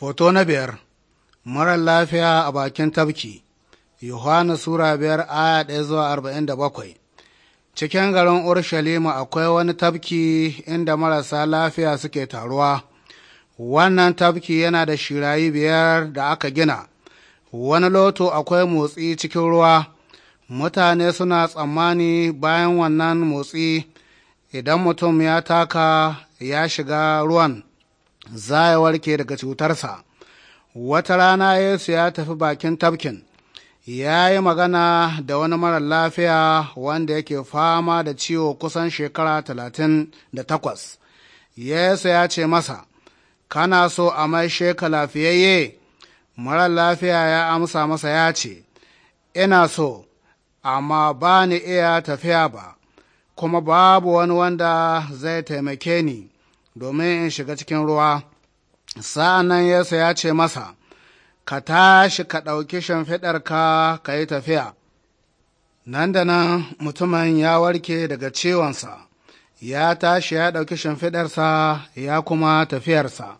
Hoto na biyar mara lafiya a bakin tafki Yohana Sura biyar aya ɗaya zuwa arba'in da bakwai Cikin garin Urshalima akwai wani tafki inda marasa lafiya suke taruwa. Wannan tafki yana da shirayi biyar da aka gina. Wani loto akwai motsi cikin ruwa. Mutane suna tsammani bayan wannan motsi idan mutum ya taka ya shiga ruwan. za ya warke daga cutarsa wata rana yesu ya tafi bakin tafkin ya yi magana da wani marar lafiya wanda yake fama da ciwo kusan shekara talatin da takwas yesu ya ce masa kana so a maishe ka lafiyayye marar lafiya ya amsa masa ya ce ina so amma ba ni iya tafiya ba kuma babu wani wanda zai taimake ni domin in shiga cikin ruwa sa'an Yesu ya ce masa ka tashi ka ɗauki shimfiɗarka ka yi tafiya nan da nan mutumin ya warke daga ciwonsa ya tashi ya ɗauki shimfiɗarsa ya kuma tafiyarsa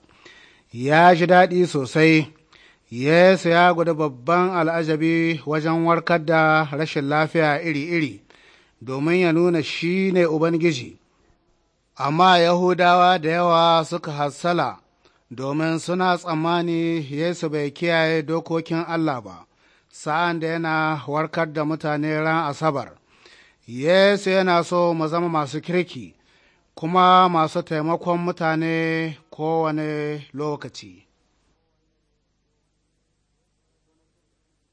ya ji daɗi sosai yesu ya gudu babban al'ajabi wajen warkar da rashin lafiya iri-iri domin ya nuna shi ne ubangiji amma Yahudawa da yawa suka hassala domin suna tsammani Yesu bai kiyaye dokokin Allah ba, sa'an da yana warkar da mutane ran Asabar. Yesu yana so mu zama masu kirki, kuma masu taimakon mutane kowane lokaci.